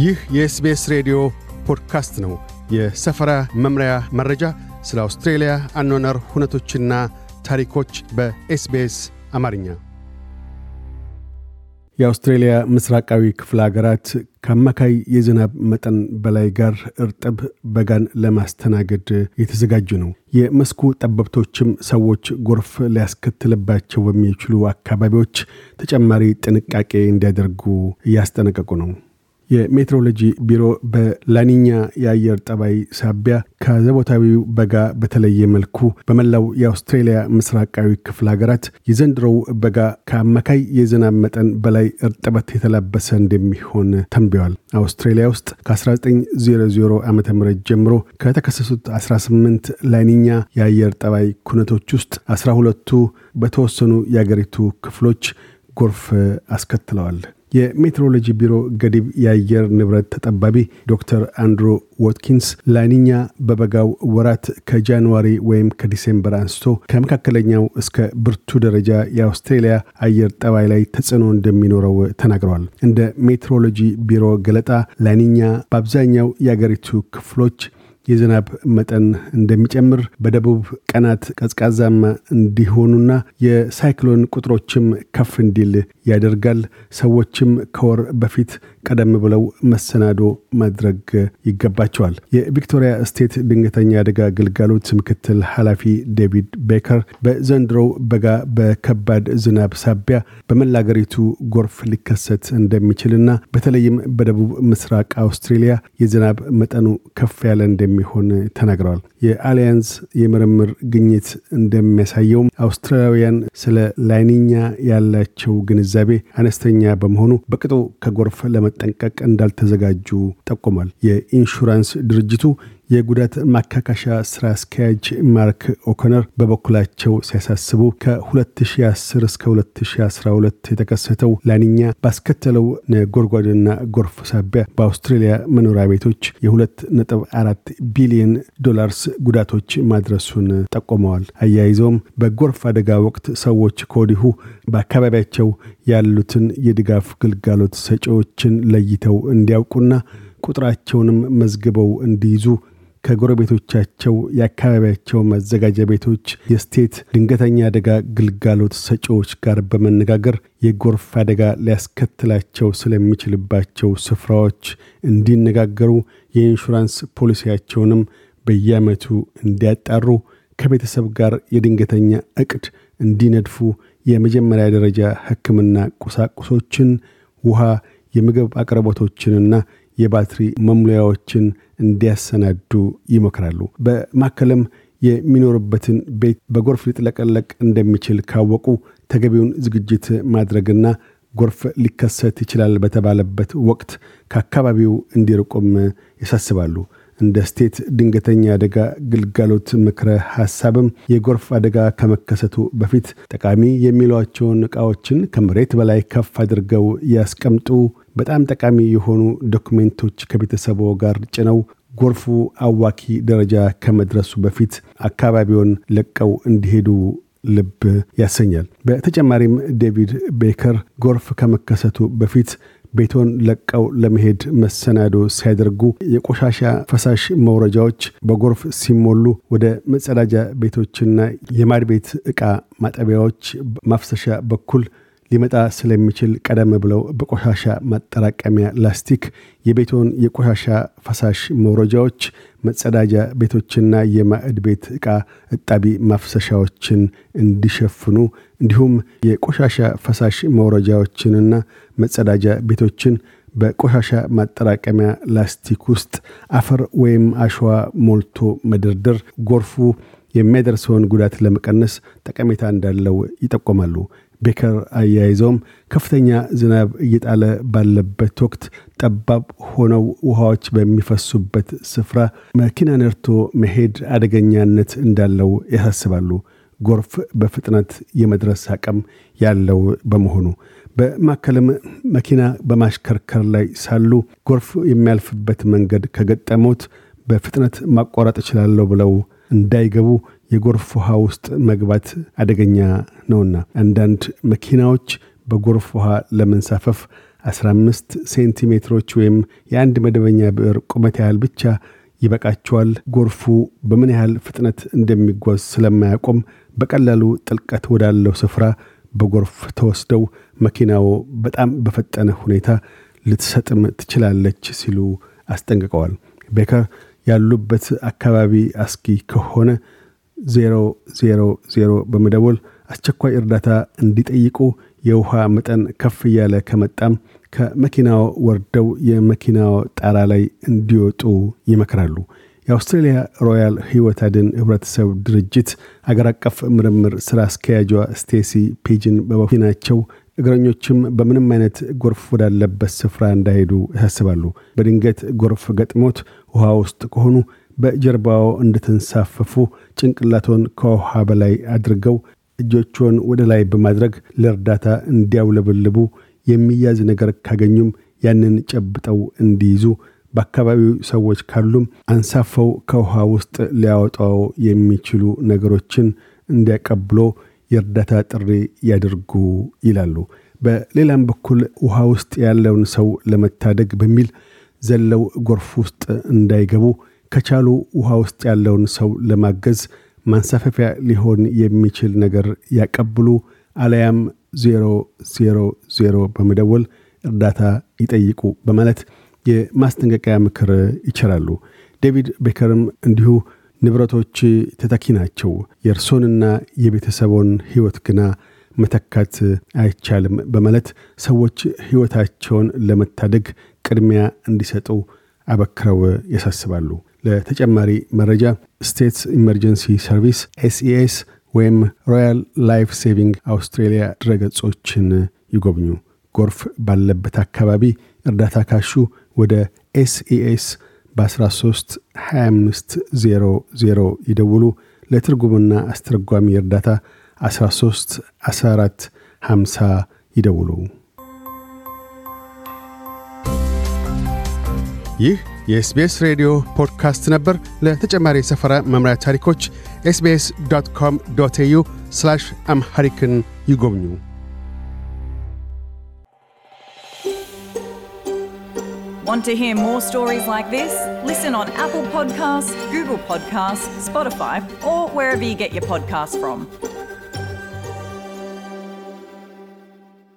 ይህ የኤስቤስ ሬዲዮ ፖድካስት ነው። የሰፈራ መምሪያ መረጃ፣ ስለ አውስትሬልያ አኗነር ሁነቶችና ታሪኮች በኤስቤስ አማርኛ። የአውስትሬልያ ምስራቃዊ ክፍል ሀገራት ከአማካይ የዝናብ መጠን በላይ ጋር እርጥብ በጋን ለማስተናገድ የተዘጋጁ ነው። የመስኩ ጠበብቶችም ሰዎች ጎርፍ ሊያስከትልባቸው በሚችሉ አካባቢዎች ተጨማሪ ጥንቃቄ እንዲያደርጉ እያስጠነቀቁ ነው። የሜትሮሎጂ ቢሮ በላኒኛ የአየር ጠባይ ሳቢያ ከዘቦታዊው በጋ በተለየ መልኩ በመላው የአውስትሬሊያ ምስራቃዊ ክፍል ሀገራት የዘንድሮው በጋ ከአማካይ የዝናብ መጠን በላይ እርጥበት የተላበሰ እንደሚሆን ተንብዋል። አውስትሬሊያ ውስጥ ከ1900 ዓ ም ጀምሮ ከተከሰሱት 18 ላኒኛ የአየር ጠባይ ኩነቶች ውስጥ 12ቱ በተወሰኑ የአገሪቱ ክፍሎች ጎርፍ አስከትለዋል። የሜትሮሎጂ ቢሮ ገዲብ የአየር ንብረት ተጠባቢ ዶክተር አንድሮ ዎትኪንስ ላኒኛ በበጋው ወራት ከጃንዋሪ ወይም ከዲሴምበር አንስቶ ከመካከለኛው እስከ ብርቱ ደረጃ የአውስትሬሊያ አየር ጠባይ ላይ ተጽዕኖ እንደሚኖረው ተናግረዋል። እንደ ሜትሮሎጂ ቢሮ ገለጣ ላኒኛ በአብዛኛው የአገሪቱ ክፍሎች የዝናብ መጠን እንደሚጨምር በደቡብ ቀናት ቀዝቃዛማ እንዲሆኑና የሳይክሎን ቁጥሮችም ከፍ እንዲል ያደርጋል። ሰዎችም ከወር በፊት ቀደም ብለው መሰናዶ ማድረግ ይገባቸዋል። የቪክቶሪያ ስቴት ድንገተኛ አደጋ አገልጋሎት ምክትል ኃላፊ ዴቪድ ቤከር በዘንድሮው በጋ በከባድ ዝናብ ሳቢያ በመላ አገሪቱ ጎርፍ ሊከሰት እንደሚችልና በተለይም በደቡብ ምስራቅ አውስትሬሊያ የዝናብ መጠኑ ከፍ ያለ እንደሚሆን ተናግረዋል። የአሊያንስ የምርምር ግኝት እንደሚያሳየውም አውስትራሊያውያን ስለ ላይንኛ ያላቸው ግንዛቤ አነስተኛ በመሆኑ በቅጡ ከጎርፍ ለመ ለመጠንቀቅ እንዳልተዘጋጁ ጠቁሟል። የኢንሹራንስ ድርጅቱ የጉዳት ማካካሻ ስራ አስኪያጅ ማርክ ኦኮነር በበኩላቸው ሲያሳስቡ ከ2010 እስከ 2012 የተከሰተው ላኒኛ ባስከተለው ነጎድጓድና ጎርፍ ሳቢያ በአውስትሬሊያ መኖሪያ ቤቶች የ2.4 ቢሊዮን ዶላርስ ጉዳቶች ማድረሱን ጠቁመዋል። አያይዘውም በጎርፍ አደጋ ወቅት ሰዎች ከወዲሁ በአካባቢያቸው ያሉትን የድጋፍ ግልጋሎት ሰጪዎችን ለይተው እንዲያውቁና ቁጥራቸውንም መዝግበው እንዲይዙ ከጎረቤቶቻቸው፣ የአካባቢያቸው መዘጋጃ ቤቶች፣ የስቴት ድንገተኛ አደጋ ግልጋሎት ሰጪዎች ጋር በመነጋገር የጎርፍ አደጋ ሊያስከትላቸው ስለሚችልባቸው ስፍራዎች እንዲነጋገሩ፣ የኢንሹራንስ ፖሊሲያቸውንም በየዓመቱ እንዲያጣሩ፣ ከቤተሰብ ጋር የድንገተኛ እቅድ እንዲነድፉ፣ የመጀመሪያ ደረጃ ህክምና ቁሳቁሶችን፣ ውሃ፣ የምግብ አቅርቦቶችንና የባትሪ መሙያዎችን እንዲያሰናዱ ይመክራሉ። በማከለም የሚኖርበትን ቤት በጎርፍ ሊጥለቀለቅ እንደሚችል ካወቁ ተገቢውን ዝግጅት ማድረግና ጎርፍ ሊከሰት ይችላል በተባለበት ወቅት ከአካባቢው እንዲርቁም ያሳስባሉ። እንደ ስቴት ድንገተኛ አደጋ ግልጋሎት ምክረ ሀሳብም የጎርፍ አደጋ ከመከሰቱ በፊት ጠቃሚ የሚሏቸውን እቃዎችን ከመሬት በላይ ከፍ አድርገው ያስቀምጡ። በጣም ጠቃሚ የሆኑ ዶክሜንቶች ከቤተሰቦ ጋር ጭነው ጎርፉ አዋኪ ደረጃ ከመድረሱ በፊት አካባቢውን ለቀው እንዲሄዱ ልብ ያሰኛል። በተጨማሪም ዴቪድ ቤከር ጎርፍ ከመከሰቱ በፊት ቤቶን ለቀው ለመሄድ መሰናዶ ሲያደርጉ የቆሻሻ ፈሳሽ መውረጃዎች በጎርፍ ሲሞሉ ወደ መጸዳጃ ቤቶችና የማድ ቤት ዕቃ ማጠቢያዎች ማፍሰሻ በኩል ሊመጣ ስለሚችል ቀደም ብለው በቆሻሻ ማጠራቀሚያ ላስቲክ የቤቶን የቆሻሻ ፈሳሽ መውረጃዎች፣ መጸዳጃ ቤቶችና የማዕድ ቤት ዕቃ እጣቢ ማፍሰሻዎችን እንዲሸፍኑ እንዲሁም የቆሻሻ ፈሳሽ መውረጃዎችንና መጸዳጃ ቤቶችን በቆሻሻ ማጠራቀሚያ ላስቲክ ውስጥ አፈር ወይም አሸዋ ሞልቶ መደርደር ጎርፉ የሚያደርሰውን ጉዳት ለመቀነስ ጠቀሜታ እንዳለው ይጠቆማሉ። ቤከር አያይዘውም ከፍተኛ ዝናብ እየጣለ ባለበት ወቅት ጠባብ ሆነው ውሃዎች በሚፈሱበት ስፍራ መኪና ነርቶ መሄድ አደገኛነት እንዳለው ያሳስባሉ። ጎርፍ በፍጥነት የመድረስ አቅም ያለው በመሆኑ በማከልም መኪና በማሽከርከር ላይ ሳሉ ጎርፍ የሚያልፍበት መንገድ ከገጠሞት በፍጥነት ማቋረጥ እችላለሁ ብለው እንዳይገቡ የጎርፍ ውሃ ውስጥ መግባት አደገኛ ነውና አንዳንድ መኪናዎች በጎርፍ ውሃ ለመንሳፈፍ 15 ሴንቲሜትሮች ወይም የአንድ መደበኛ ብዕር ቁመት ያህል ብቻ ይበቃቸዋል። ጎርፉ በምን ያህል ፍጥነት እንደሚጓዝ ስለማያቆም በቀላሉ ጥልቀት ወዳለው ስፍራ በጎርፍ ተወስደው መኪናው በጣም በፈጠነ ሁኔታ ልትሰጥም ትችላለች ሲሉ አስጠንቅቀዋል። ቤከር ያሉበት አካባቢ አስጊ ከሆነ 000 በመደወል አስቸኳይ እርዳታ እንዲጠይቁ የውሃ መጠን ከፍ እያለ ከመጣም ከመኪናው ወርደው የመኪናው ጣራ ላይ እንዲወጡ ይመክራሉ። የአውስትሬልያ ሮያል ህይወት አድን ህብረተሰብ ድርጅት አገር አቀፍ ምርምር ስራ አስኪያጇ ስቴሲ ፔጅን በበፊናቸው እግረኞችም በምንም አይነት ጎርፍ ወዳለበት ስፍራ እንዳይሄዱ ያሳስባሉ። በድንገት ጎርፍ ገጥሞት ውሃ ውስጥ ከሆኑ በጀርባው እንድትንሳፈፉ ጭንቅላቶን ከውሃ በላይ አድርገው እጆቹን ወደ ላይ በማድረግ ለእርዳታ እንዲያውለበልቡ የሚያዝ ነገር ካገኙም ያንን ጨብጠው እንዲይዙ በአካባቢው ሰዎች ካሉም አንሳፈው ከውሃ ውስጥ ሊያወጣው የሚችሉ ነገሮችን እንዲያቀብሎ የእርዳታ ጥሪ ያድርጉ ይላሉ። በሌላም በኩል ውሃ ውስጥ ያለውን ሰው ለመታደግ በሚል ዘለው ጎርፍ ውስጥ እንዳይገቡ ከቻሉ ውሃ ውስጥ ያለውን ሰው ለማገዝ ማንሳፈፊያ ሊሆን የሚችል ነገር ያቀብሉ አለያም 000 በመደወል እርዳታ ይጠይቁ በማለት የማስጠንቀቂያ ምክር ይችራሉ። ዴቪድ ቤከርም እንዲሁ ንብረቶች ተተኪ ናቸው፣ የእርሶንና የቤተሰቦን ሕይወት ግና መተካት አይቻልም በማለት ሰዎች ሕይወታቸውን ለመታደግ ቅድሚያ እንዲሰጡ አበክረው ያሳስባሉ። ለተጨማሪ መረጃ ስቴትስ ኢመርጀንሲ ሰርቪስ ኤስኢኤስ ወይም ሮያል ላይፍ ሴቪንግ አውስትሬሊያ ድረገጾችን ይጎብኙ። ጎርፍ ባለበት አካባቢ እርዳታ ካሹ ወደ ኤስኢኤስ በ13 25 00 ይደውሉ። ለትርጉምና አስተርጓሚ እርዳታ 13 14 50 ይደውሉ። ይህ የኤስቢኤስ ሬዲዮ ፖድካስት ነበር። ለተጨማሪ ሰፈራ መምሪያ ታሪኮች ኤስቢኤስ ዶት ኮም ዶት ኤዩ አምሐሪክን ይጎብኙ። Want to hear more stories like this? Listen on Apple Podcasts, Google Podcasts, Spotify, or wherever you get your podcasts from.